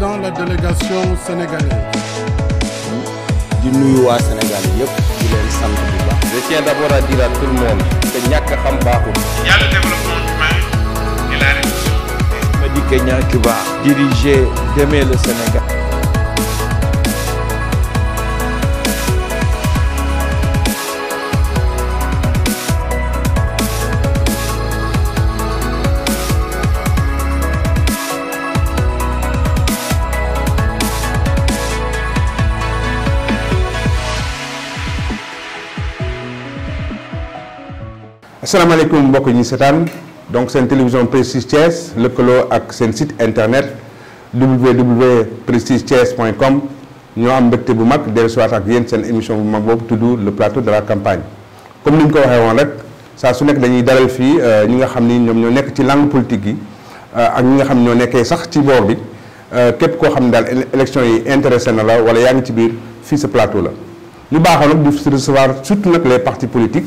dans la délégation sénégalaise. Du nuyu Sénégal je tiens d'abord à dire à tout le monde. que ñàkk xam Il y a le développement humain et la réussite. dis que qui va diriger demain le Sénégal. alaikum mbokk ñi setan donc une télévision Prestige le lëkkaloo ak seen site internet www.prestigethies.com ñu am mbégte bu mag dellusiwaat ak yeen sen émission bu mag boobu tudd le plateau de la campagne comme niñ ko waxé won rek ça su nek dañuy dalal fi euh, ñi nga xam ni ñoo nek ci langue politique yi euh, ak ñi nga xam ñoo nekké sax ci bor bi euh, képp koo xam daal élection yi intéressé na la wala yaa ngi ci biir fii sa plateau la ñu baaxoon nag du recevoir surtout nag les partis politiques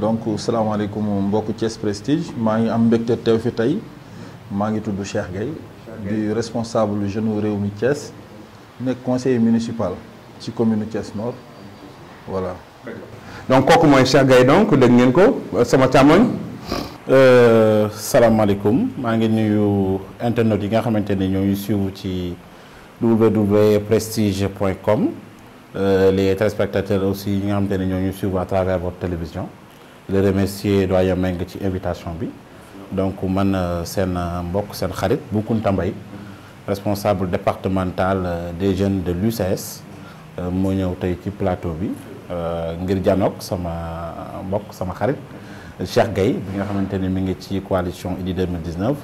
donc salam salaamaaleykum beaucoup Thiès Prestige Je ngi am mbégte de fi tey maa ngi tudd Cheikh Gueye di responsable jeune réew mi Thiès nekk conseiller municipal ci commune Thiès Nord voilà. donc kooku mooy Cheikh Gueye donc dégg ngeen ko sama càmmoñ. Euh, salaamaaleykum maa ngi nuyu internautes yi nga xamante ne ñoo ñu www.prestige.com euh, les téléspectateurs aussi yi nga sur vous à travers votre télévision le remercier doyen Mbengue ci invitation bi donc man euh, seen un euh, seen xarit Boukounta Tambay responsable départemental euh, des jeunes de l'UCS mo ñëw tay ci plateau bi ngir janoog sama mbok sama xarit Cheikh Gaye bi nga xamanteni mi ngi ci coalition IDI 2019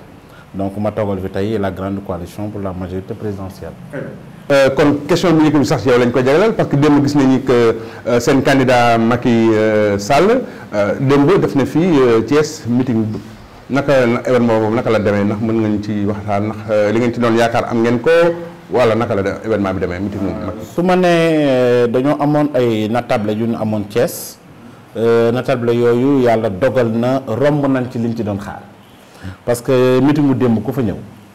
donc ma toogal fi tay la grande coalition pour la majorité présidentielle Eh, kon question bi njëkk bi sax yow lañ ko jagleel parce que démb gis ni que eh, sen candidat Macky eh, Sall bo def na fi Thiès meeting naka événement bobu naka la démé nak mën nga ñu ci waxtaan nak li ngeen ci doon yaakar am ngeen ko wala naka la événement bi démé meeting suma né dañu amone ay natable yu ñu amone Thiès natable yoyu yalla dogal na romb nañ ci liñ ci doon xaar parce que meeting mu démb ku fa ñew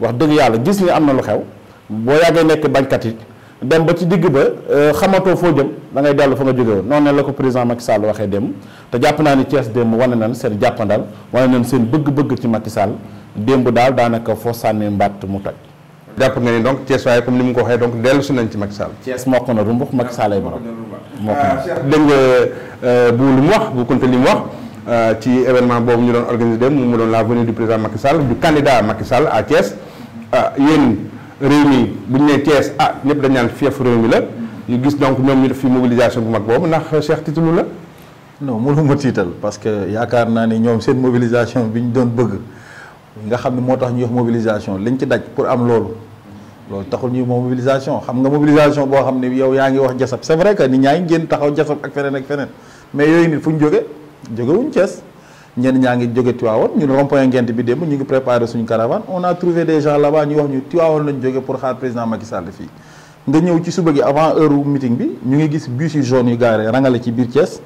wax dëgg yàlla gis ni am na lu xew boo yàggee nekk bañkat yi dem ba ci digg ba euh, xamatoo foo jëm da ngay dellu fa nga jóge woon noonu la ko président Macky Sall waxee démb te jàpp naa ni Thiès démb wane nañ seen jàppandal wane nañ seen bëgg-bëgg ci Macky Sall démb daal daanaka foo sànni mbatt mu toj. jàpp nga ni donc Thiès waaye comme ni mu ko waxee donc dellu si nañ ci Macky Sall. Thiès mokk na rumbux Macky Sall ay borom. Euh, nga euh, bu lu mu wax mu wax ci événement boobu ñu doon organisé démb la venue du président Macky Sall du candidat Macky Sall à Thiès. ah yéen réew mi bu ñu nee Thiès ah ñëpp dañ naan fief réew mi la ñu gis donc ñoom ñu def fi mobilisation bu mag boobu ndax Cheikh titulu la. no non mënuma tiital parce que yaakaar naa ne ñoom seen mobilisation bi ñu doon bëgg nga xam ne moo tax ñuy wax mobilisation liñ ci daj pour am loolu loolu taxul ñuy mobilisation xam nga mobilisation boo xam ne yow yaa ngi wax jasab c'est vrai que nit ñaa ngi génn taxaw jasab ak feneen ak feneen mais yooyu nit fu ñu jóge jóge wuñ ñen ñangi ngi jóge ñun rond Ngent bi dem ñu ngi préparer suñu caravane on a trouvé des gens là-bas ñu wax ñu Tivaouane lañ jóge pour xaar président Macky Sall fi nga ñëw ci suba gi avant heure meeting bi ñu ngi gis bus yu jaune yu garé rangalé ci bir Thiès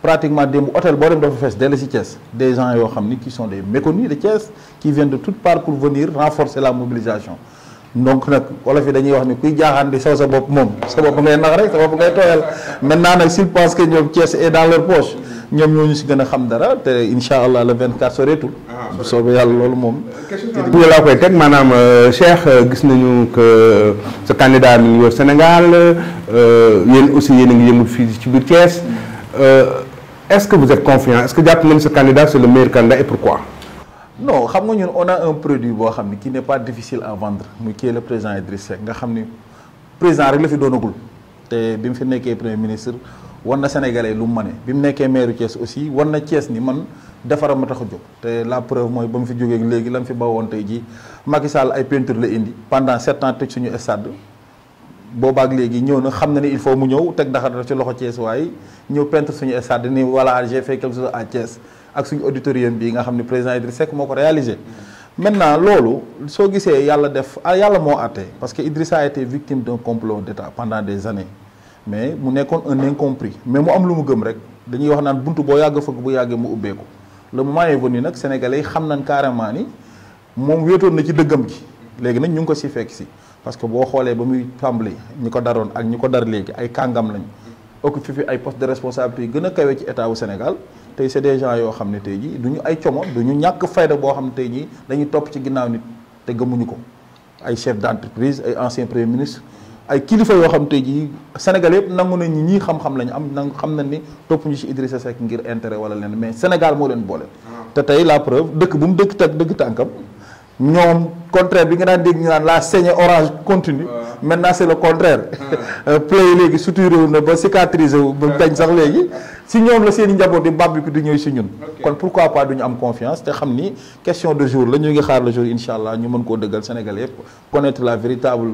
pratiquement démb hôtel boo dem dafa fees dellu si Thiès des gens yo xamni qui sont des méconnus de Thiès qui viennent de toute part pour venir renforcer la mobilisation donc nak wala fi dañuy wax ni kuy jaaxaan di saw sa bopp moom sa bopp ngay nax rek sa bopp ngay toyal maintenant nag s'il pense que ñom Thiès est dans leur poche ñoom ñoo ñu ci gëna xam dara té inshallah le 24 ah, soreetul. bu soobee yalla loolu mom question laa koy teg maanaam euh, Cheikh euh, gis nañu que euh, ce candidat ñu ngi wër Sénégal yéen aussi yéen ngi yëngu fi ci biir Thiès est-ce que vous êtes confiant est-ce que japp même ce candidat c'est le meilleur candidat et pourquoi. non xam nga ñun on a un produit bo xamni qui n'est pas difficile à vendre muy est le président Idriss Seck nga xam président rek la fi doonagul té bi mu fi nekkee premier ministre war na sénégalais lu mané bim bi mu maire Thiès aussi war na Thiès ni man defara ma tax a jóg la preuve moy ba fi jógee léegi la mu fi bawone tay ji Macky Sall ay peinture la indi pendant sept ans tëj suñu stade boba ak légui ñëw na xam ni il faut mu ñëw teg daxar ci loxo Thiès way ñëw peintre suñu stade ni voilà j'ai fait quelque chose à Thiès ak suñu auditorium bi nga xam président Idriss Seck moo ko réalisé maintenant loolu soo gisee yàlla def ah, yàlla moo àtte parce que Idrissa a été victime d'un complot d'État pendant des années mais mu nekkoon un incompris mais mu am lu mu gëm rek dañuy wax naan buntu boo yàgg fëgg bu yàggee mu ubbeeku le moment est venu nag sénégalais yi xam nañ carrément ni moom wéetoon na ci dëggam gi léegi nag ñu ngi ko si fekk si parce que boo xoolee ba muy tàmbali ñi ko daroon ak ñi ko dar léegi ay kàngam lañ occupé fi ay poste de responsabilité yu gën a kawe ci état wu Sénégal tey c'est des gens yoo xam ne tey jii du ay como duñu ñu ñàkk fayda boo xam ne tey jii dañuy topp ci ginnaaw nit te gëmuñu ko ay chef d'entreprise ay ancien premier ministre ay kilifa yoo xam tey jii Sénégal yëpp nangu nañ ñii xam-xam lañu am nangu xam nañ ni topp ñu ci Idrissa Seck ngir intérêt wala leen mais Sénégal moo leen boole. Ah. te tey la preuve dëkk bu mu dëkk tag dëkk tànkam. ñoom contraire bi nga daan dégg ñu naan la saignée orange continue ah. maintenant c'est le contraire. Ah. plaies léegi léegi suturé wu na ba cicatrisé wu ba bañ sax léegi. si ñoom la seen i njaboot di bàbbi ko di ñun kon pourquoi pas duñu am confiance C'est xam ni question de jour la ñu ngi xaar le jour Inshallah, nous ñu mën koo dëggal Sénégal connaître la véritable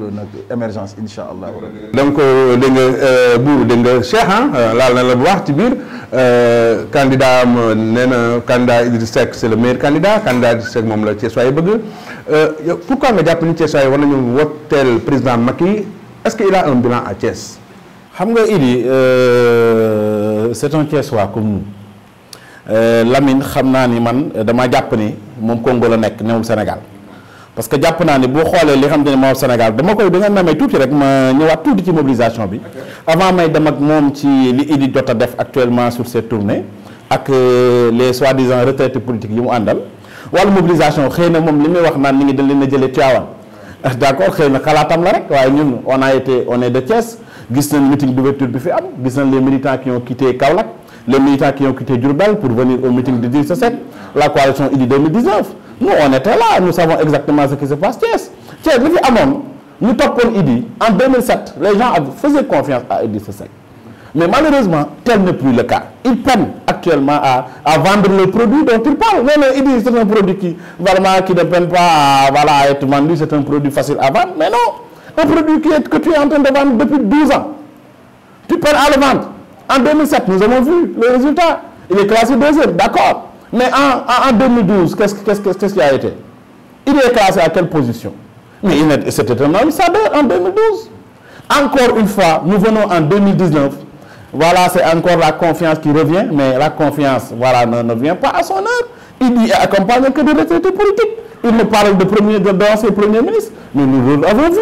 émergence Inshallah. donc euh, dégg nga euh, buur dégg nga Cheikh hein, euh, la wax ci candidat am candidat Idriss Seck c'est le meilleur candidat candidat Idriss Seck moom la Thiessois yi bëgg pourquoi nga jàpp ni Thiessois yi war nañu tel président Macky est-ce qu'il a un bilan à Thiès xam nga Idi c'est un soit comme nous euh, Lamine xam naa ni man euh, dama jàpp ni moom Congo la nekk newul Sénégal parce que jàpp naa ni boo xoolee li xam te ne moom Sénégal dama koy da nga namee tuuti rek ma ñëwaat tuuti ci mobilisation bi avant may dem ak moom ci li Idi jot def actuellement sur cette tournée ak euh, les soi-disant retraites politiques yi mu àndal wàllu mobilisation xëy na moom li muy wax naan ni dañ leen a jëlee Tivaouane d'accord xëy na xalaatam la rek waaye ñun on a été on est de Thiès gis le meeting d'ouverture bi fi am gis les militants qui ont quitté Kaolack les militants qui ont quitté Durban pour venir au meeting de 17 la coalition IDI 2019 nous on était là nous savons exactement ce qui se passe Thiès Thiès nous fi nous nous IDI en 2007 les gens faisaient confiance à IDI. 2007 mais malheureusement tel n'est plus le cas ils peinent actuellement à à vendre le produit dont ils parlent mais IDI, c'est un produit qui vraiment qui ne peine pas voilà à être vendu c'est un produit facile à vendre mais non un produit qui que tu es en train de vendre depuis 12 ans. Tu perds à la vendre. En 2007, nous avons vu le résultat. Il est classé deuxième, d'accord. Mais en, 2012, qu'est-ce qu'est-ce a été Il est classé à quelle position Mais c'était un homme sabeur en 2012. Encore une fois, nous venons en 2019. Voilà, c'est encore la confiance qui revient, mais la confiance voilà, ne, vient pas à son heure. Il n'y accompagne que des retraités politiques. Il ne parle de, premier, de, de premier ministre. ministres. Mais nous l'avons vu.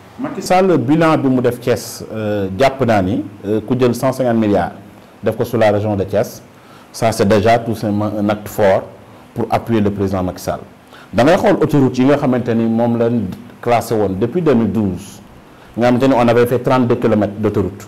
Le Sall bilan du mu def Thiès euh, euh, coûte 150 milliards def ko sur la région de Thiès ça c'est déjà tout simplement un acte fort pour appuyer le président Macky da ngay xol autoroute yi nga depuis 2012 on avait fait 32 km d'autoroute.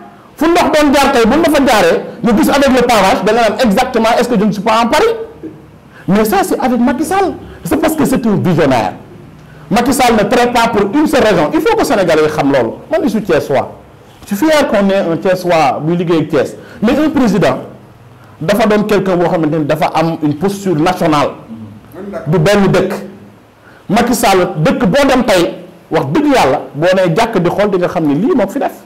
fu ndox doon jaar tey bu ma fa jaaree avec le pavage da exactement est-ce que je ne suis pas en Paris mais ça c'est avec Macky Sall c'est parce que c'est un visionnaire Macky Sall ne traite pas pour une seule raison il faut que Sénégalais yi xam loolu man je suis Thiessois je suis fier qu'on ait un tiers buy liggéey ak tiers. mais un président dafa doon quelqu'un boo xamante ni dafa am une posture nationale du benn dëkk Macky Sall dëkk que dem tey wax dëgg yàlla boo nee jàkk di xool di nga xam ne lii fi def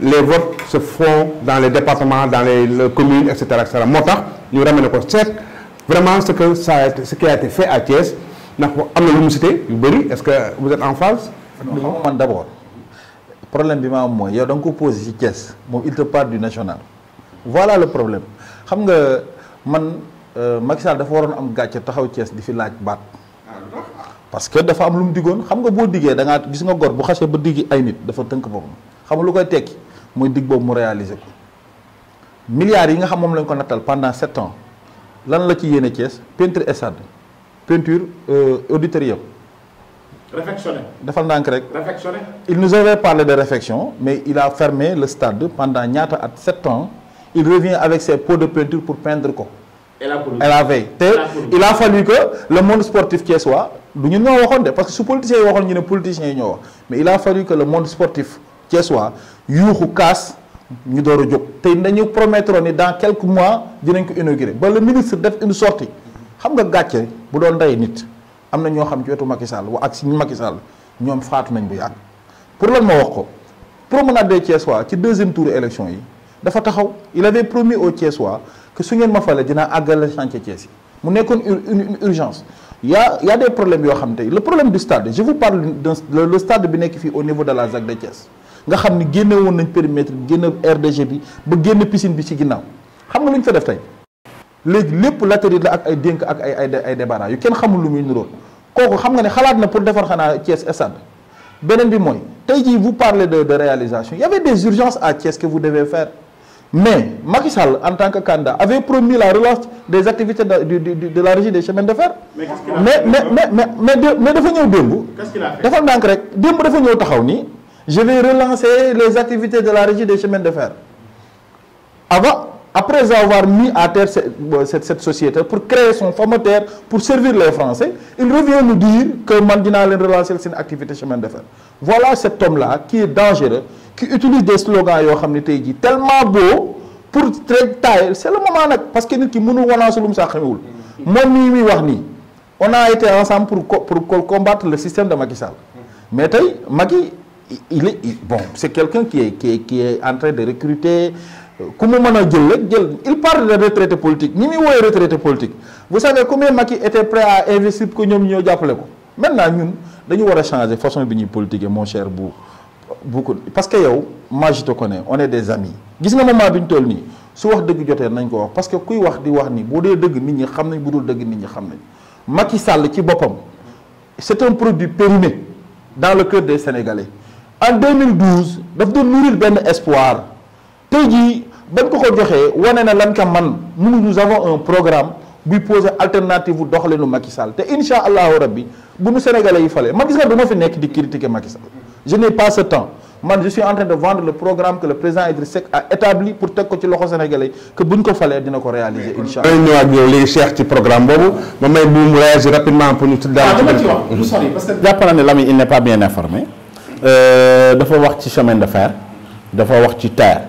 les votes se font dans les départements, dans les, communes, etc. etc. ñu vraiment ce que qui a été fait à Thiès Nous avons est-ce que vous êtes en phase. non d'abord problème que yow Thiès il te du national. voilà le problème xam nga man euh, Macky Sall a am Thiès parce que am xam nga da gis nga gor bu ba ay nit xam moy dig boobu mu réaliser ko milliards yi nga xam mom lañ ko nattal pendant sept ans lan la ci yene Thiès peinture essad peinture euh, auditorium réfectionné defal rek réfectionné il nous avait parlé de réfection mais il a fermé le stade pendant ñaata at sept ans il revient avec ses pots de peinture pour peindre ko et la veille il a fallu que le monde sportif qu'il soit... duñu ñoo waxoon de parce que su politiciens yi ñu ne politiciens ñoo mais il a fallu que le monde sportif soit yuuxu kaas ñu door a jóg tey dañu promettre dans quelques mois dinañ ko inaugurer ba le ministre def une sortie xam nga gàcce bu doon ndey nit am na ñoo xam ci wetu Macky Sall wa ak si Macky Sall ñoom faatu nañ bu yàgg wax ko promenade de Thiessois ci deuxième tour élection yi dafa taxaw il avait promis aux Thiessois que su ngeen ma fale dinaa àggale chantier Thiessi. yi mu nekkoon une urgence Il y a il y a des problèmes yoo xam tey le problème du stade je vous parle d'un le stade bi nekk fii au niveau de la ZAC de Thiès nga xamni ni génne woon nañ périmètre bi RDG bi ba génne piscine bi ci ginnaw xam nga lu ñu fa def tay léegi lepp latérite la ak ay denk ak ay ay ay débarras yu kenn xamul lu muy niróo kooku xam nga ni xalaat na pour defar xana Thiès stade benen bi moy tey jii vous parlez de de réalisation il y avait des urgences à Thiès que vous devez faire mais Macky Sall en tant que candidat avait promis la relance des activités de de de, de la régie des chemins de fer. mais mais mais mais mais mais, dafa ñeu démb. qu'est-ce qu'il a fait dafa ndànk rek démb dafa ñeu taxaw ni je vais relancer les activités de la régie des chemins de fer. Avant, après avoir mis à terre cette, société pour créer son formateur pour servir les Français, il revient nous dire que Mandina allait relancer ses activités chemin de fer. Voilà cet homme-là qui est dangereux, qui utilise des slogans tellement beaux pour traiter. C'est le moment parce que nous qui on a été ensemble pour, pour, combattre le système de Macky Sall. Mais Macky il est bon c'est quelqu'un qui est, qui est, en train de recruter comment euh, on a il parle de retraite politique ni muy retraite politique vous savez combien Macky était prêt à investir pour ñoom ñoo jàppale ko maintenant ñun dañu war a changer façon de ñuy politiquer mon cher Bou. parce que yow moi je te connais on est des amis gis nga moment bi ñu toll nii su wax parce que kuy wax di wax ni boo dee dëgg nit ñi xam nañ bu dul qui nit ñi xam nañ Macky Sall c'est un produit périmé dans le cœur des Sénégalais en 2012 daf doon nourrir ben espoir tey jii bañ ko ko joxe wane na lan ka man nous avons un programme qui poser alternative bu doxalinu Macky Sall te inshallah allahu rabbi bu nu sénégalais yi falé man gis nga dama fi nek di critiquer Macky Sall je n'ai pas ce temps man je suis en train de vendre le programme que le président Idriss Seck a établi pour tek ko ci loxo sénégalais que buñ ko falé dina ko réaliser inshallah allah. ak ñëwaat yow léegi Cheikh ci programme bobu ma may boum voyage rapidement pour nous tudd daal ah, ci dama ci wax parce que jàpp na ne il n'est pas bien informé. Euh, dafa wax ci chemin de fer dafa wax ci terre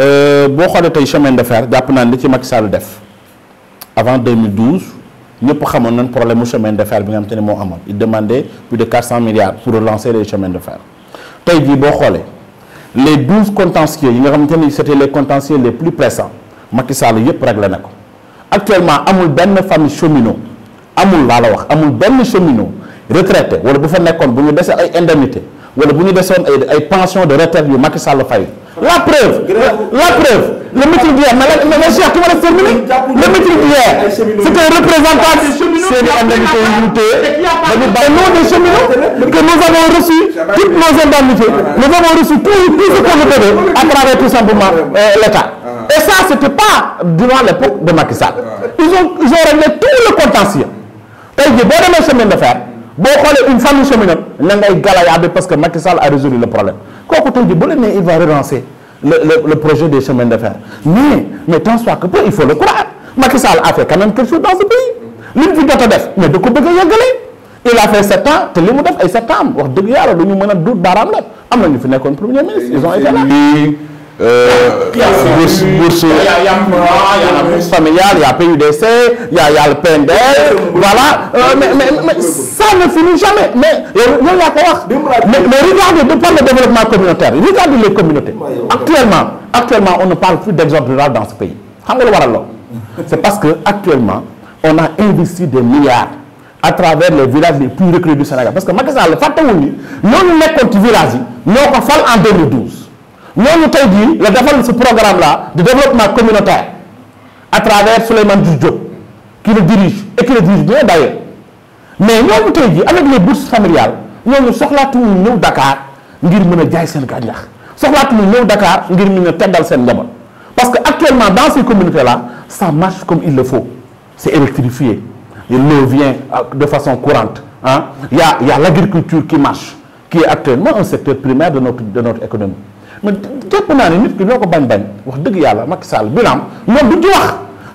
euh, boo xoolee tey chemin de fer jàpp naa li ci Macky Sall def avant 2012 ñëpp xamoon nañ problème mu chemin de fer bi nga xam il demandait plus de 400 milliards pour relancer les chemins de fer Aujourd'hui, jii boo xoolee les 12 contentieux nga xamante c'était les contentieux les plus pressants Macky Sall yëpp réglé na ko actuellement amul benn famille cheminot amul l'a la wax amul benn cheminot retraité wala bu fa nekkoon bu ñu ay indemnité wala bu pensions ay pension de retraite du Macky Sall Faye. la preuve la preuve le meeting d'hier mais mais Cheikh tu m'as terminé le meeting d'hier c'était représentant de indemnité yu ñu nous des cheminots que nous avons reçu toutes nos indemnités nous avons reçu tout tout ce qu'on nous devait à travers tout simplement euh, l'État et ça c'était pas durant l'époque de Macky Sall ils ont ils réglé tout le contentieux tey jii boo demee chemin de faire on est une famille de la parce que Macky Sall a résolu le problème Quoi que tu il va relancer le projet des chemins de mais mais tant soit que peu il faut le croire Macky Sall a fait quand même quelque chose dans ce pays fi a def mais de ko a ans. il a fait sept ans te ans. a ans Il a a fait premier bourse, euh, bourse il y a euh, PUDC, il y a, il y a le PND voilà. Euh, mais, ça ne finit jamais. Mais, mais, regardez, de par le développement communautaire, regardez les communautés. Actuellement, actuellement on ne parle plus d'exemple rural dans ce pays. C'est parce qu'actuellement, on a investi des milliards à travers les villages les plus reculés du Sénégal. Parce que Macky Sall, le que nous, ne le village, nous, fait en 2012 ñooñu tey jii la de ce programme là de développement communautaire à travers Souleymane Diouf qui le dirige et qui le dirige bien d'ailleurs mais nous, avons dit, avec les bourses familiales nous avons au Dakar ngir mën jaay seen nous soxlaatuñu Dakar ngir seen parce qu'actuellement, dans ces communautés là ça marche comme il le faut c'est électrifié l'eau vient euh, de façon courante hein. il y a l'agriculture qui marche qui est actuellement un secteur primaire de notre économie man jàpp naa ne nit ki loo ko bañ-bañ wax dëgg yàlla Macky Sall bilan moom duñ ci wax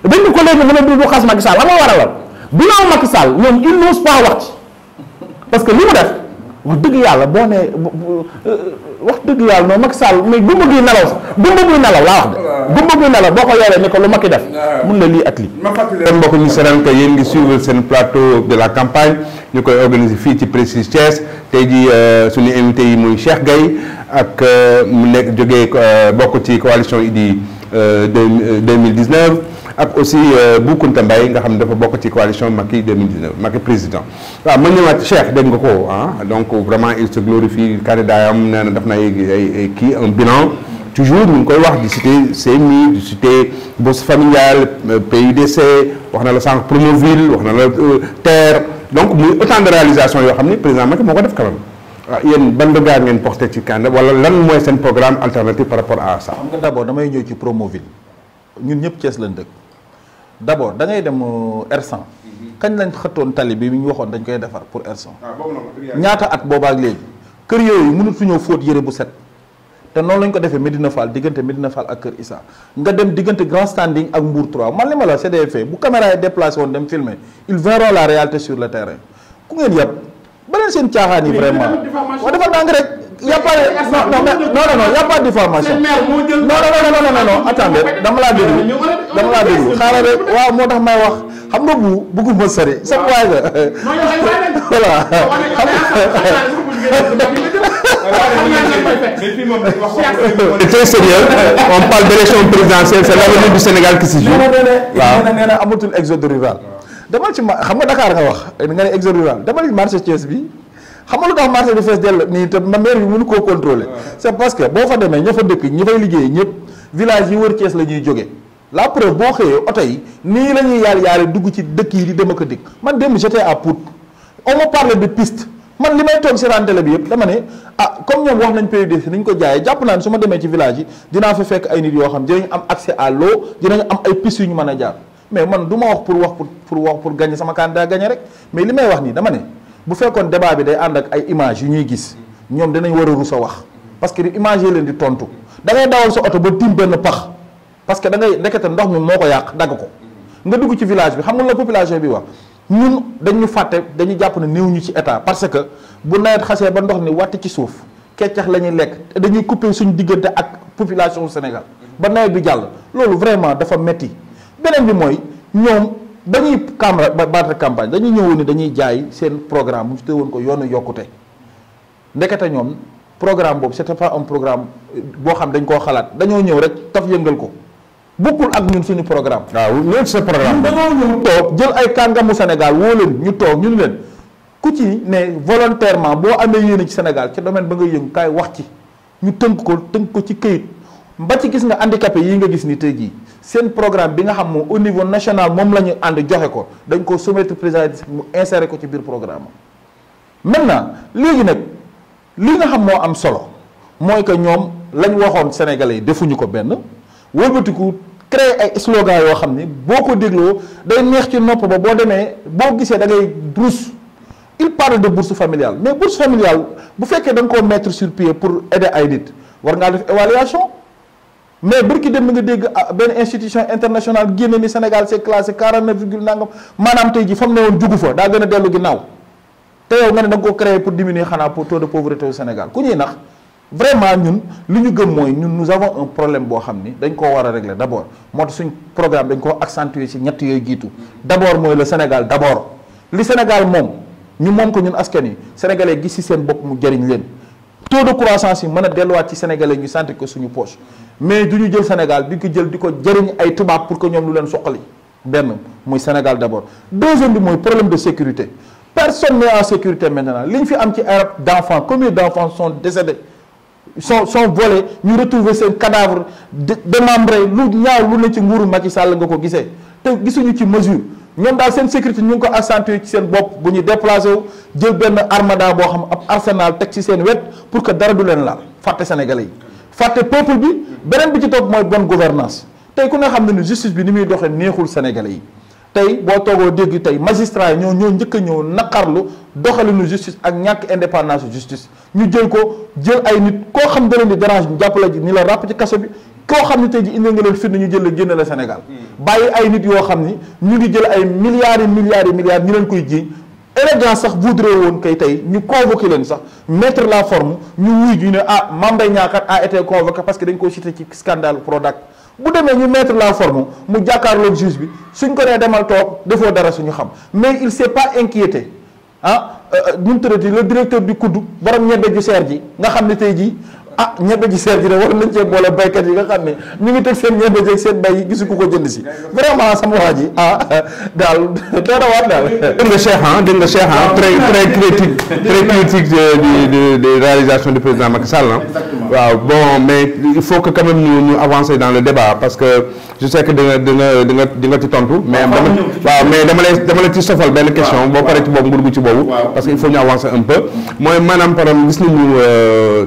dañ ko léegi mën a du du xas Macky Sall la ma waraloon bilan Macky Sall ñoom il n'ose pas que li mu def wax dëgg yàlla boo nee euh, wax dëgg yàlla noonu Macky Sall mais gumba guy nelaw sax gumba guy nelaw laa wax de gumba guy nelaw boo ko yoree ni ko lu Macky def mun na lii at lii kon mbokk ñu seetaan que yéen ngi suivre seen plateau de la campagne ñu koy organiser fii ci Prestige Thiès tey euh, suñu invité yi muy Cheikh gay avec euh, mu nekk de euh, coalition 2019, euh, aussi beaucoup de coalition Maki 2019 Macky président ah, donc vraiment il se glorifie candidat un bilan toujours ñu koy cité CMI la cité pays familiale PUDC la la terre donc autant de réalisation président ah, yen ban regard ngeen porté ci Kandé wala lan moy sen programme alternatif par rapport à ça. xam nga d'abord abord damay ñëw ci Promoville ñun ñëpp Thiès lañ dëkk d'abord da ngay dem euh, R100 mhm. kañ lañ xëttoon tali bi ñu waxoon dañ koy défar pour R100 ah, ñaata at ak léegi kër yooyu suñu fóot yéré bu set te noonu lañ ko defee Medina Fall diggante Medina Fall ak Kër Issa nga dem diggante Grand Standing ak Mbour 3 man li ma la CDF bu caméra yi déplacé woon dem filmer ils verront la réalité sur le terrain ku ngeen yàpp ba leen seen caaxaan yi vraiment waaw dafa a non non non a pas non non non non non attendez dama laa déglu dama laa déglu xaaral rek waaw moo tax may wax xam nga bu bëgguma sori sa waay la voilà très sérieux on parle d'élection présidentielle c'est l'avenir qui se joue demal ci ma xam nga Dakar nga wax nga ne exode rural demal ci marché Thiès bi xam nga lu tax marché bi fees dell nii te ma maire bi mënu koo contrôler c'est parce que boo fa demee ña fa dëkk ñi fay liggéey ñëpp village yi wër Thiès la jóge la preuve boo xëyee oto yi nii la ñuy yaal dugg ci dëkk yi di dem ak a dikk man dem j'étais à Pout on me parle de piste man li may toog seetaan télé bi yëpp dama ne ah comme ñoom wax nañ PUDC nañ ko jaayee jàpp naa su ma demee ci village yi dinaa fa fekk ay nit yoo xam dinañ am accès ay piste yu ñu mën a jaar mais man du wax pour wax pour wax pour gagner sama candidat gagner rek mais limay wax ni dama né bu fekkone débat bi day ànd ak ay image yu ñuy gis ñom dinañ wara russa wax parce que image yi leen di tontu da ngay dawal sa auto ba tiim benn pax parce que da ngay nekata ndox mi moko ko dag ko nga dugg ci village bi xam nga la population bi wax ñun dañu faté dañu japp ne néew ñu ci état parce que bu nawet xasse ba ndox ni wat ci suuf keccax lañuy ñuy lekk dañuy couper suñu diggante ak population Sénégal ba nawet bi jall lolu vraiment dafa metti beneen bi mooy ñoom dañuy ba battre campagne dañu ñëw woon ni dañuy jaay seen programme mu te woon ko yoonu yokkute ndekete ñoom programme boobu c'était pas un programme euh, boo xam dañ koo xalaat dañoo ñëw rek taf yëngal ko bokkul ak ñun suñu programme. waaw ah, loolu sa programme dañoo ñëw jël ay kàngamu Sénégal woo leen ñu toog ñu leen ku ci ne volontairement boo amee yéene ci senegal ci domaine ba ngay yëngu kaay wax ci ñu tënk ko tënk ko ci këyit ba ci gis nga handicapé yi nga gis ni tey jii. seen programme bi nga xam moom au niveau national moom la ñu ànd joxe ko dañ ko soumettre président mu insérer ko ci biir programme maintenant léegi nag li nga xam moo am solo mooy que ñoom lañ waxoon sénégalais yi defuñu ko benn wëlbatiku créer ay slogan yoo xam ni boo ko dégloo day neex ci nopp ba boo demee boo gisee da ngay bourse il parle de bourse familial mais bourse familiale bu fekkee da ko koo mettre pour aider ay nit war ngaa def évaluation mais bërki dem nga dégg ben institution internationale génne ni Sénégal c'est classé 49 virgule nangam maanaam tey ji fam ne woon fa da gëna déllu ginnaw té yow nga ne da ko créé pour diminuer xana pour taux de pauvreté au Sénégal ku ñuy nax vraiment ñun li ñu gëm moy ñun nous avons un problème bo xamni dañ ko wara régler d'abord mot suñ programme dañ ko accentuer ci ñett yoy jiitu d'abord moy le Sénégal d'abord li Sénégal mom ñu mom ko ñun askan yi sénégalais gis ci seen bopp mu jëriñ leen taux de croissance yi mën délluat ci sénégalais ñu santé ko suñu poche mais du Sénégal du ko jël jëriñ ay pour que nous nous leen Nous Ben, au Sénégal d'abord. deuxième du problème de sécurité personne n'est en sécurité maintenant Nous ñu fi am ci combien d'enfants sont décédés sont sont volés ñu retrouver ces cadavres démembrés, lu ñaaw ne ci Macky Sall nga ko nous gisuñu ci mesure Nous, sécurité ñu accentué ci armada arsenal pour que dara du leen fàtte peuple bi beneen bi ci topp mooy bonne gouvernance tey ku nga xam ne ni justice bi ni muy doxee neexul sénégalais yi tey boo toogoo dégg tey magistrat yi ñoo ñoo njëkk a ñëw naqarlu doxalinu justice ak ñàkk indépendance justice ñu jël ko jël ay nit koo xam da leen bi dérange ñu jàppale ji ni la ràpp ci kaso bi koo xam ne tey ji indi nga leen firnde ñu jël la génne la Sénégal hmm. bàyyi ay nit yoo xam ni ñu ngi jël ay milliards yi milliards yi milliards ñu leen koy jiiñ élégant sax voudrait won kay tay ñu convoquer leen sax mettre la forme ñu wuy ñu ne ah Mame Mbaye a été convoqué parce que dañ ko cité ci scandale Prodac bu demee ñu mettre la forme mu jàkkaarloog juge bi suñ ko né démal tok defoo dara suñu xam mais il s'est pas inquiété ah euh, euh, nu mu le directeur du COUD borom ñebe ju serji nga xam ne tey ah ñebe ji seer ji de war nañ cee boole baykat yi nga xam ne ñu ngi tek seen ñebe ji seen bay yi gisu ku ko jënd ci vraiment sama waa ah dal doo na waat daal. Cheikh ah dégg Cheikh ah très très critique très critique de de de réalisation du président Macky Sall hein waaw bon mais il faut que quand même ñu ñu avancer dans le débat parce que je sais que di nga di nga ci tontu. mais dama waaw mais dama lay dama lay ci sofal benn question boo paree ci boobu ngurgu ci boobu. parce que il faut ñu avancer un peu. moy manam param gis gis euh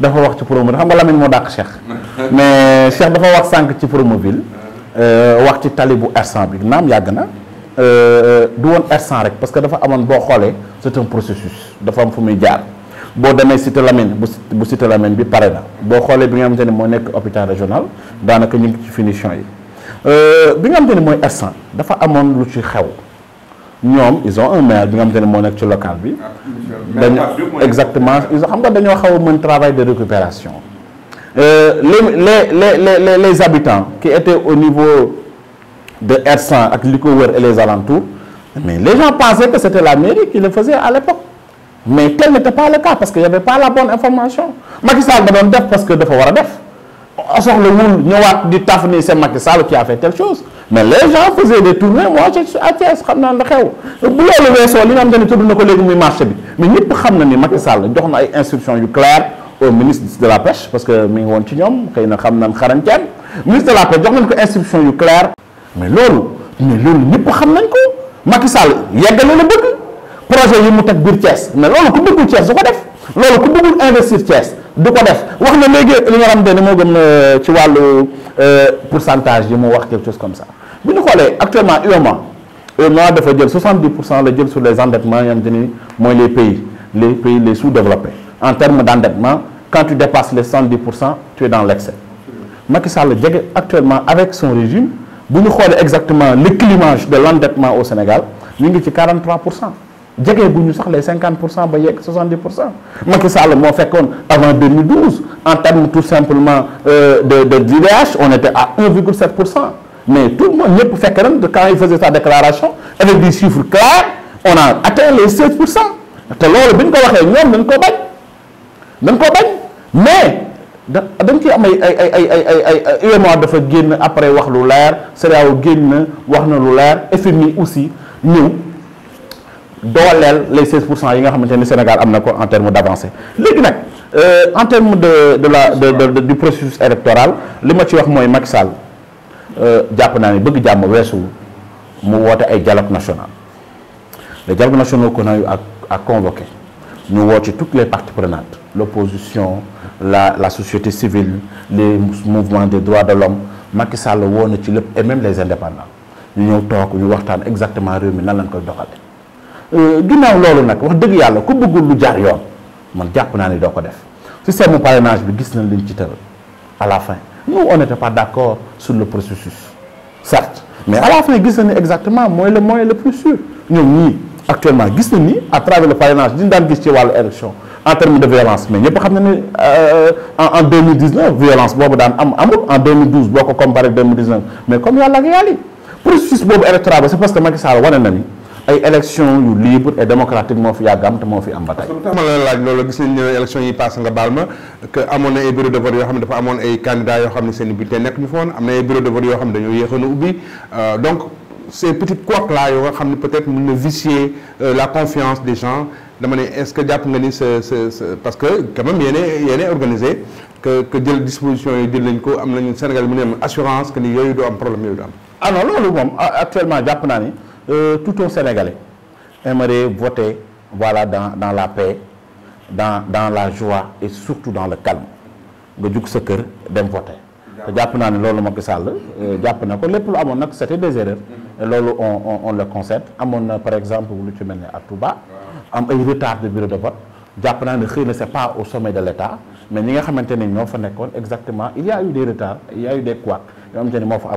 dafa wax ci promo xam nga Lamine mo dàq Cheikh mais Cheikh dafa wax sank ci promo ville euh wax ci talibou ersan bi nam yagna euh du won ersan rek parce que dafa amone bo xolé c'est un processus dafa am fu muy jaar boo demee cité Lamine bu cité Lamine bi paré na bo xolé bi nga xamante ne moo nekk hôpital régional danaka ñu ci finition yi euh bi nga xamante ne mooy r dafa amone lu ci xew ñom ils ont un maire bi nga xamante ne moo nekk ci local bi ben, exactement ils ont un xaw travail de récupération euh, les, les les les habitants qui étaient au niveau de R100 avec les et les alentours mais les gens pensaient que c'était la mairie qui le faisait à l'époque mais tel n'était pas le cas parce qu'il n'y avait pas la bonne information Macky Sall da def parce que de war a def nous wul nous di taf ni c'est Macky Sall qui a fait telle chose mais les gens faisaient des tournées moi je suis à Thiès xam naa la xew bu loolu weesoo li nga xam ne tudd na ko léegi muy marché bi mais ñëpp xam na ni Macky Sall jox na ay instructions yu claire au ministre de la pêche parce que mi ngi woon ci ñoom xëy na xam nañ ministre de la pêche jox nañ ko instructions yu claire mais loolu mais loolu ñëpp xam nañ ko Macky Sall yeggale le bëgg projet yi mu teg biir Thiès mais loolu ko bëggul Thiès duko def loolu ko bëggul investir Thiès duko def Waxna na léegi li nga xam ne moo gëm euh, ci walu euh, pourcentage yi mu wax quelque chose comme ça actuellement UEMOA 70 de sur les endettements les pays les pays les sous-développés en termes d'endettement quand tu dépasses les 110% tu es dans l'excès Macky Sall actuellement avec son régime vous exactement le de l'endettement au Sénégal il est ci 43 les 50 ba 70 Macky Sall avant 2012 en termes tout simplement euh, de de on était à 1,7 mais tout le monde, quand il faisait sa déclaration, avec des chiffres clairs, on a atteint les 16%. C'est mais après wax lu e a aussi nous les 16 Sénégal en termes d'avancée. Euh, en termes de du processus électoral le ma est maxal euh, jàpp naa ne bëgg jamm wessu mu wote ay dialogue national le dialogue national qu'on a eu à convoquer nous woo toutes les parties prenantes l'opposition la la société civile les mouvements des droits de l'homme Macky Sall ci et même les indépendants ñu ñëw tok ñu waxtaan exactement réew mi nan lañ koy doxale euh, ginnaw lolu nak wax dëgg yalla ku bëggul lu jaar yoon man jàpp naa do ko def système parrainage bi gis nañ liñ ci à la fin nous on n'était pas d'accord sur le processus certes mais à la fin gis exactement moi, le moins le plus sûr Nous, actuellement nous ni à travers le parrainage nous avons gis ci en termes de violence mais nous xam na pas en 2019 violence En en 2012 boo comparer 2019 mais comme il y la réalité, le processus électoral c'est parce que Macky Sall ça un ay élection yu libre et démocratique mo fi yàgg am te moo fi am ba tey. la laaj loolu gis nañ ne élection yi pass nga balma que amone na ay bureau de vote yo xamne dafa amone ay candidats yo xamne ne seen bulletin nek ñu fon woon am na ay bureau de vote yo xamne dañu dañoo ubi a euh, donc ces petites couacs là yo xamne peut-être mën na vicier euh, la confiance des gens dama ne est-ce que japp nga ni ce ce parce que quand même yéen yéen organisé que que jël disposition yi dil lañ ko am nañu Sénégal mu ne assurance que ni yoyu do am problème yooyu doo am. ah non lolu mom ah, actuellement japp na ni. Euh, tout au Sénégalais aimerait voter voilà, dans, la paix, dans, la joie et surtout dans le calme. nga jug sa kër dem voter te jàpp naa ne loolu Macky Sall euh, jàpp na lu c'était des erreurs loolu on on le concède amoon par exemple lu tu mel à Touba am des retard de bureau de vote jàpp naa ne xëy c'est pas au sommet de l'État mais ñi nga xamante ne ñoo fa nekkoon exactement il y a eu des retards il y a eu des couacs yoo xamante ne fa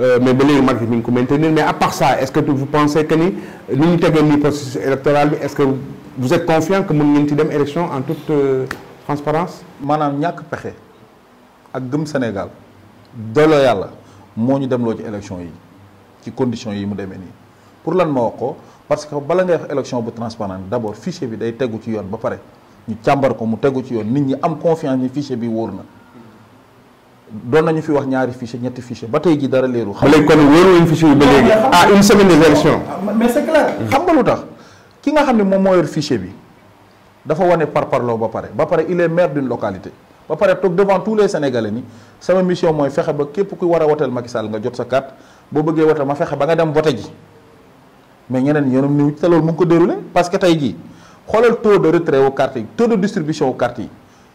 Euh, mais à part ça est-ce que vous pensez que l'unité de le processus électoral est-ce que vous êtes confiant que nous avons élection en toute euh, transparence Madame à gëm Sénégal il élection conditions pour lan parce que bala élection transparente d'abord fichier bi day ci avons confiance fichier doon nañu fi wax ñaari fichier ñetti fichier ba tey ji dara leeru xam léegi kon wóoru leen fichier ba ah, lu tax ki nga xam ne moom moo yor fichier bi dafa wane par parloo ba pare ba pare il est maire d'une localité ba pare toog devant tous les sénégalais ni sama mission mooy fexe ba képp ku war a woteel Macky Sall nga jot sa carte boo bëggee wote ma fexe ba nga dem vote ji mais ñeneen yoonam niw ci te mu ngi ko déroulé parce que tey ji xoolal taux de retrait wu carte yi taux de distribution yi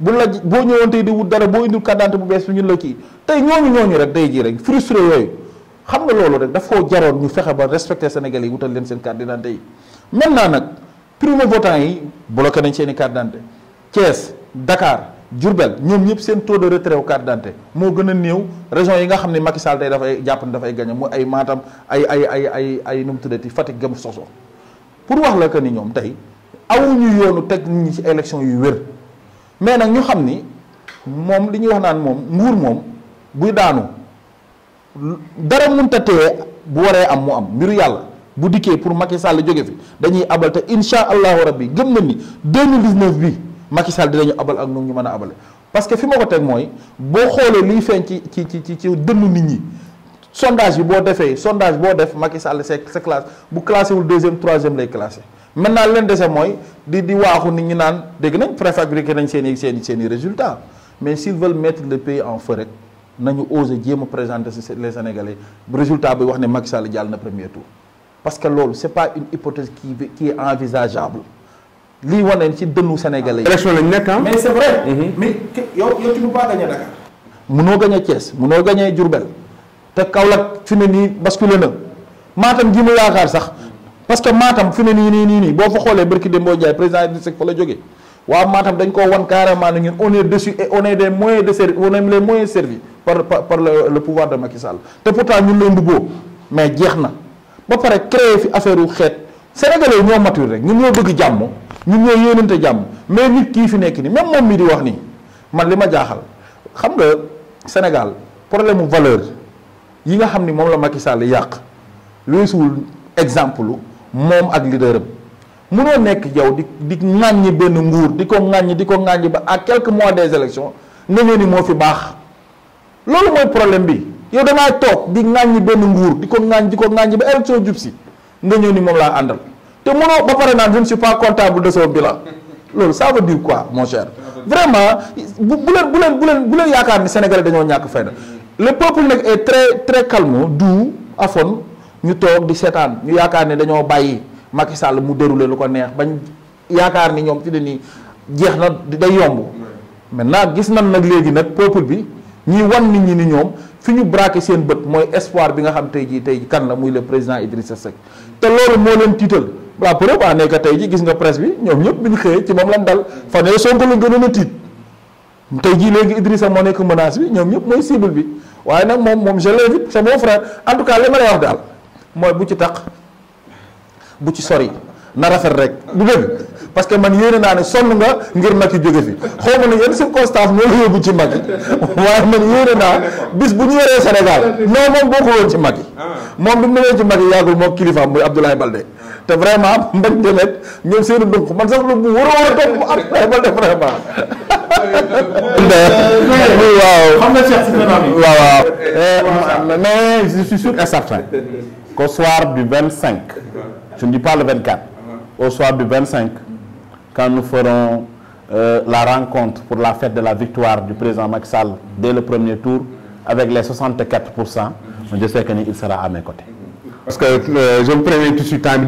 bu la boo ñëwoon tey di wut dara boo indil kàddante bu bees bi ñun la kii tey ñooñu ñooñu rek day ji rek frustré yooyu xam nga loolu rek daf koo jaroon ñu fexe ba respecté Sénégalais yi wutal leen seen carte d'identité yi maintenant nag primo votant yi bloqué nañ seen i carte d'identité Thiès Dakar Diourbel ñoom ñëpp seen tour de retrait wu carte d'identité moo gën a néew région yi nga xam ne Macky Sall tey dafay jàpp ne dafay gagné ay maatam ay ay ay ay ay nu mu tuddati Fatick soso pour wax la que ni ñoom tey awuñu yoonu teg ñi ci élection yu wér mais nag ñu xam ni moom li ñuy wax naan moom nguur moom buy daanu dara mënta téye bu waree am mu am mbiru yàlla bu dikkee pour Macky Sall jóge fi dañuy abal te insha allahu rabbi gëm na ni 2019 bi Macky Sall dinañu abal ak nu ñu mën a abale parce que fi ma ko teg mooy boo xoolee liy feeñ ci ci ci ci ci dënnu nit ñi sondage bi boo defee sondage boo def Macky Sall c'est classe bu classé wul deuxième troisième lay classé. maintenant leen dese mooy di di waaxu nit ñi naan dégg nañ préfabriqué nañ seen i seen résultats mais s'ils veulent mettre le pays en feu rek nañu oser jéem a présenter les Sénégalais résultat bi wax ne Macky Sall jàll na premier tour. parce que loolu c'est pas une hypothèse qui qui est envisageable lii wane ci dënnu Sénégalais yi. élection lañ ah. mais c'est vrai. Mhm. mais yow yow tu ne peux pas gagner Dakar. mënoo gagner Thiès mënoo gagner Diourbel te Kaolack fi ne nii basculé na Matam gi mu yaakaar sax parce que Matam fi ni ni ni bo fa xolé barki Dembo jay président Idrissa Seck fa la jógee wa Matam dañ ko won carrément ne ñun on est dessus et on est des moyens de servir on est les moyens servis par par par le pouvoir de Macky Sall te pourtant ñun lay mbubboo mais jeexna ba paré créer fi affaireu xet sénégalais ñoo mature rek ñun ñoo bëgg jamm ñun ñoo yéenante jamm mais nit ki fi nekk ni même mom mi di wax ni man li ma jaaxal xam nga Sénégal problème mu valeur yi nga xamni mom la Macky Sall yaq lu suul exemple mom ak leader am nek yow di di ŋàññi benn nguur di ko ŋàññi di ba à quelques mois des élections nga ñëw ni moo fi bax lolu moy problème bi yow dama tok di ŋàññi ben nguur diko ko diko di ba élection jub si nga ñëw ni moom laa àndal te munoo ba pare naan je ne suis pas comptable de son bilan lolu ça veut dire quoi mon cher vraiment bu bu leen bu leen bu leen bu leen yaakaar ni sénégalais dañoo ñak fayda le peuple nak est très très calme doux afon ñu tok di sétane ñu yaakar ni dañoo bayyi Macky Sall mu déroulé lu ko neex bañ yaakar ni ñom ci dañi jeex na day yomb maintenant gis nan nak légui nak peuple bi ñi won nit ñi ni ñom fiñu ñu braqué seen bëtt moy espoir bi nga xam tey jii tey kan la muy le président Idrissa Seck té loolu mo leen titel la preuve a nekk tay ji gis nga presse bi ñom ñep bi xey ci mom lañ dal fan yooyu Sonko lu gënoon na tit tay ji légui Idrissa mo nek menace bi ñom ñep moy cible bi waye nak mom mom je l'invite c'est mon frère en tout cas li ma lay wax dal mooy bu ci taq bu ci sori na rafet rek bu dëgg parce que man yéene naa ne sonn nga ngir Macky jóge fi xaw ma ne yan circonstance moo ci Macky waaye man bis bu ñu yoree Sénégal non moom boo ko woon ci Macky moom bi mu newee ci Macky yàggul moom kilifaam muy Abdoulaye Balde te vraiment mbañ demet ñoom seeni dënk man sax lu bu war a war a topp Abdoulaye Balde vraiment waaw waaw mais eh, je suis sûr et qu'au soir du 25, je ne dis pas le 24, au soir du 25, quand nous ferons euh, la rencontre pour la fête de la victoire du président Macky Sall dès le premier tour, avec les 64%, je sais qu'il sera à mes côtés. parce que euh, je me préviens tout de suite Tambi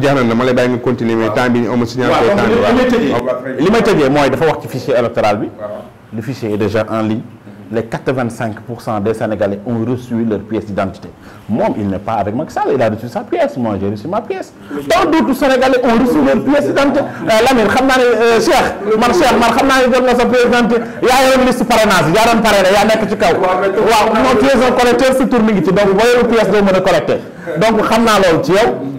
continuer mais temps bi on ma Tambi. temps bi moi dafa wax fichier électoral le fichier est déjà en ligne les 85% des Sénégalais ont reçu leur pièce d'identité. Moi, il n'est pas avec Macky Sall, il a reçu sa pièce, moi j'ai reçu ma pièce. Tant d'autres Sénégalais ont reçu leur pièce d'identité. Euh, Lamine, xam naa je euh, Cheikh, man Cheikh, man d'identité. Il y a un sa pièce d'identité, Il y a parrainage, yaa Il y a un ci kaw. tu es un collecteur, sa tour le monde. ci donc voyez pièce de mon collecteur donc je sais que ci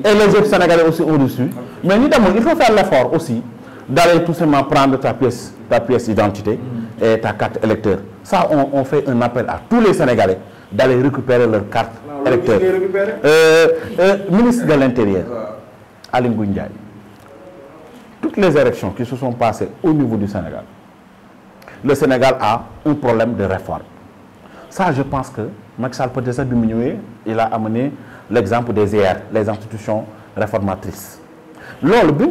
et les autres Sénégalais aussi ont reçu mais nous, il faut faire l'effort aussi d'aller tout simplement prendre ta pièce ta pièce d'identité et ta carte électeur ça, on, fait un appel à tous les Sénégalais d'aller récupérer leur carte électeur. Euh, euh, ministre de l'Intérieur, Alim Goundiaï, toutes les élections qui se sont passées au niveau du Sénégal, le Sénégal a un problème de réforme. Ça, je pense que Maxal déjà diminuer, il a amené l'exemple des IR, e les institutions réformatrices. Lors du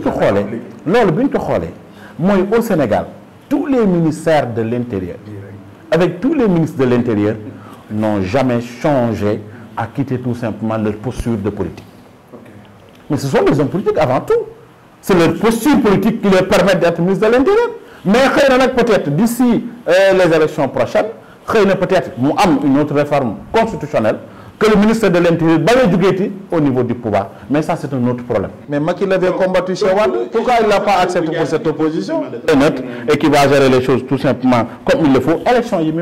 au Sénégal, tous les ministères de l'Intérieur, avec tous les ministres de l'Intérieur, n'ont jamais changé à quitter tout simplement leur posture de politique. Mais ce sont les hommes politiques avant tout. C'est leur posture politique qui leur permet d'être ministre de l'Intérieur. Mais peut-être d'ici euh, les élections prochaines, peut-être nous avons une autre réforme constitutionnelle que le ministre de l'Intérieur du au niveau du pouvoir. Mais ça, c'est un autre problème. Mais Macky l'avait combattu chez pourquoi il n'a pas accepté pour cette opposition Et qui va gérer les choses tout simplement comme il le faut. Élection y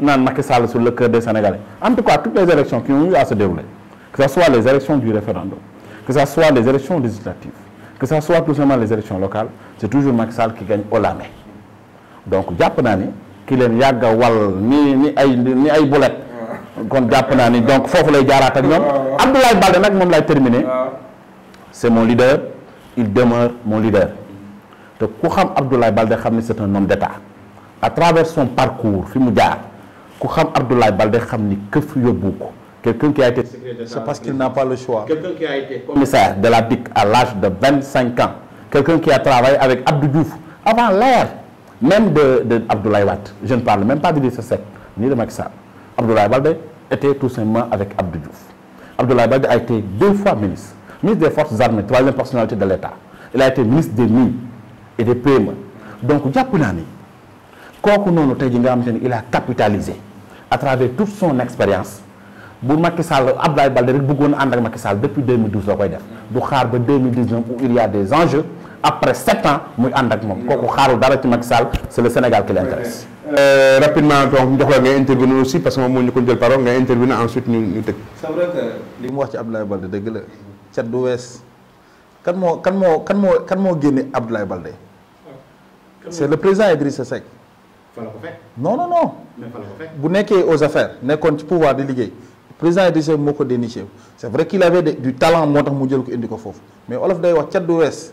non Macky Sall le cœur des Sénégalais. En tout cas, toutes les élections qui ont eu à se dérouler, que ce soit les élections du référendum, que ce soit les élections législatives, que ce soit tout simplement les élections locales, c'est toujours Macky qui gagne au la main. Donc, Japonani, qu'il y a ni ni donc, il faut ni donc foofu lay jaaraat ak Abdoulaye Baldé nag c'est mon leader il demeure mon leader Donc, ku Abdoulaye Balde, xam c'est un homme d'État à travers son parcours fi mu jaar ku Abdoulaye Balde, quelqu'un qui a été c'est parce qu'il n'a pas le choix quelqu'un qui a été commissaire de la DIC à l'âge de 25 ans quelqu'un qui a travaillé avec Abdou Diouf avant l'ère même de de Abdoulaye Wade je ne parle même pas du Seck ni de Maxar. Abdoulaye Balde était tout simplement avec Abdou Diouf. Abdoulaye Balde a été deux fois ministre. Ministre des Forces armées, troisième personnalité de l'État. Il a été ministre des Mines et des PME. Donc, il a capitalisé à travers toute son expérience. Abdoulaye Baldé rek depuis 2012 où il y a des enjeux après sept ans muy ànd ak moom kooku xaarul dara ci Macky Sall c'est le Sénégal qui l'intéresse euh, rapidement donc ñu jox la aussi parce que moom moo ñu ko jël parole nga intervenir ensuite ñu ñu tëj c'est vrai que li mu wax ci Abdoulaye Balde dëgg la cat du wees kan moo kan moo kan moo kan moo génne Abdoulaye Balde c'est le président Idrissa Seck non non non Mais bu nekkee aux affaires nekkoon ci pouvoir di liggéey président Idrissa Seck moo déniché c'est vrai qu'il avait du talent moo tax mu jël ko indi ko foofu mais Olaf day wax cat du wees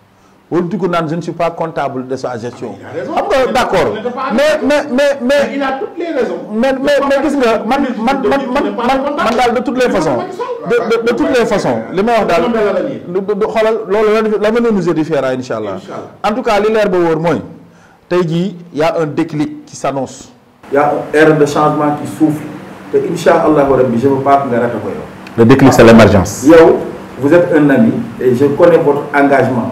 je ne suis pas comptable de sa gestion. D'accord. mais il a toutes les raisons. mais mais nga de toutes les façons. de toutes les façons li may wax daal. xoolal la la nous édifiera incha Inch'Allah. en tout cas li ba y' a un déclic qui s'annonce il y' a une ère de changement qui souffle et rabbi je pas le déclic c'est l'émergence. vous êtes un ami et je connais votre engagement.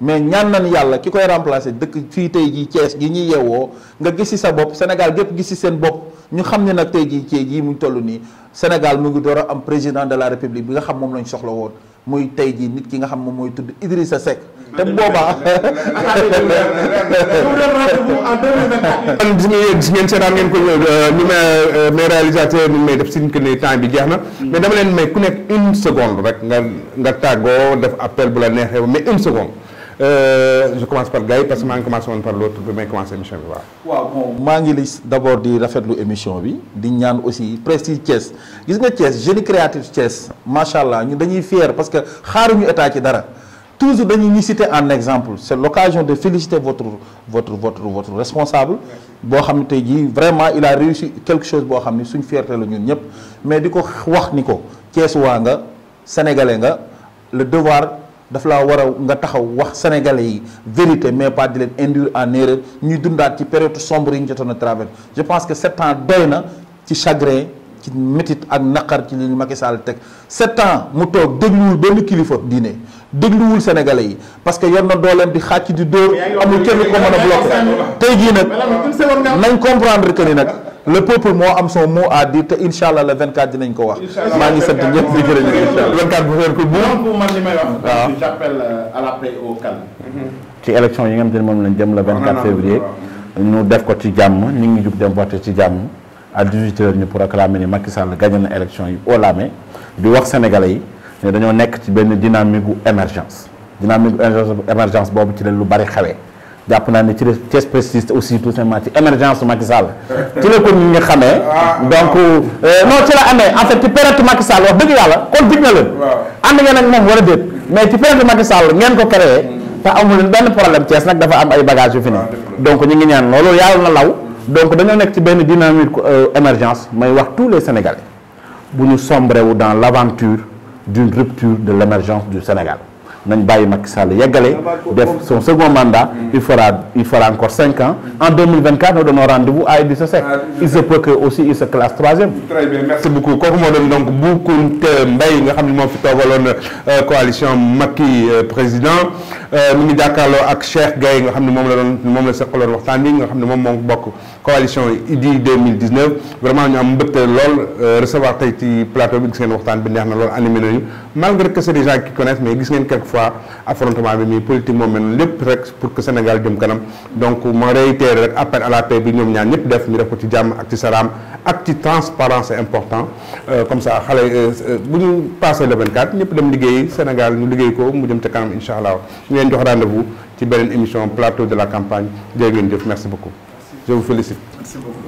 mais ñaan nañ yàlla ki koy remplacer dëkk fii tey jii cees gi ñuy yeewoo nga gis ci sa bopp Sénégal gépp gis ci seen bopp ñu xam ne nag tey jii Thiès jii mu toll nii Sénégal mu ngi door am président de la république bi nga xam moom lañu soxla woon muy tey jii nit ki nga xam moom mooy tudd sa Seck. te boobaa. gis ngeen gis ngeen seetaan ngeen ko euh, ni ma euh, mes réalisateurs nu may def si que ne temps bi jeex na. mais dama leen may ku nekk une seconde rek nga nga tàggoo def appel bu la neexee mais une seconde. Euh, je commence par gars parce que je commence par l'autre je vais commencer l'émission. bi bon maa ngi lis d' abord l'émission rafetlu émission aussi prestige Thiès vous nga Thiès génie créatif Thiès macha allah ñu dañuy fier parce que xaaruñu état ci dara. toujours dañuy ñu citer en exemple c'est l'occasion de féliciter votre votre votre votre responsable vraiment il a réussi quelque chose nous sommes fiers de fierté la mais il coup wax ni sénégalais le devoir daf laa war a nga taxaw wax sénégalais yi vérité mais pas di leen induire en erreur ñuy dundaat ci période sombre yi ñu jotoon a travers je pense que sept ans doy na ci chagrin ci métit ak naqar ci li Macky Sall teg sept ans mu toog dégluwul benn kilifa diine dégluwul sénégalais yi parce que yor na dooleem di xàcc di dóor amul kenn ko mën a bloqué tey jii nag nañ comprendre que ni nag le peuple moo am son mot à dire te inshallah le 24 dinañ ko wax. ma ngi sant ñepp di gërëm inshallah 24 bu weer ko bu. donc man limay wax. waaw j'appelle euh, à la paix au calme. Mm-hmm. ci élection yi nga xam mom lañ jëm le 24 février. ñu def ko ci jàmm ñu ngi jub dem voter ci jamm à 18h ñu proclamer ni Macky Sall gagné na élection yi au lamé di wax sénégalais yi né dañoo nekk ci benn dynamique gu émergence dynamique gu émergence boobu ci leen lu bari xawé jàpp naa ne ci Thiès aussi tout simplement ci émergence Macky Sall ci la ko nit ñi donc euh, non ci la amee en fait tu période Macky Sall wax dëgg yàlla kon dig na leen ànd ngeen ak moom wala déet mais ci période Macky Sall ngeen ko créé te amul leen benn problème Thiès nag dafa am ay bagages yu fi ne ah, donc ñu ngi ñaan loolu yàlla na law donc dañoo nekk ci benn dynamique euh, émergence may wax tous les Sénégalais bu ñu sombré wu dans l'aventure d'une rupture de l'émergence du Sénégal nañ bàyyi Macky Sall a ah, def son second mandat ah, il fera il fera encore 5 ans en 2024 nous donnons rendez-vous à Idrissa ah, il se peut que aussi il se classe troisième très bien merci beaucoup kooku mo donc beaucoup mbay nga xamni mo fi togalone euh, coalition Macky euh, président Eh, mu ngi jàkkaarloo ak Cheikh Gaye nga xam ne moom la doon moom la seqaloon waxtaan bi nga xam ne moom moo bokk coalition IDI 2019 vraiment ñu am mbëtte lool eh, recevoir tey ci plateau bi gis ngeen waxtaan bi neex na lool animé nañu malgré que c'est des gens qui connaissent mais gis ngeen quelque fois affrontement bi muy politique moom mel lépp rek pour que Sénégal jëm kanam donc ma réitérer rek appel à la paix bi ñoom ñaar ñëpp def ñu def ko ci jàmm ak ci salaam ak ci transparence important eh, comme ça xale bu ñu passé le 24 ñëpp dem liggéey Sénégal ñu liggéey ko mu jëm ca kanam incha allah leen jox rendez-vous ci beneen émission plateau de la campagne jërë ngeen jëf merci beaucoup. je vous félicite.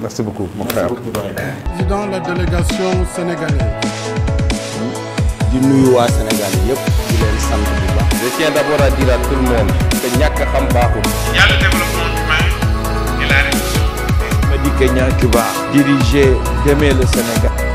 merci beaucoup mon frère. président la délégation sénégalaise. di nuyu waa Sénégal yëpp di leen sant bu baax. je tiens d'abord à dire à tout le monde que ñàkk xam baaxul. il y a le développement humain et la réussite. Madi Kenya qui va diriger demain le Sénégal.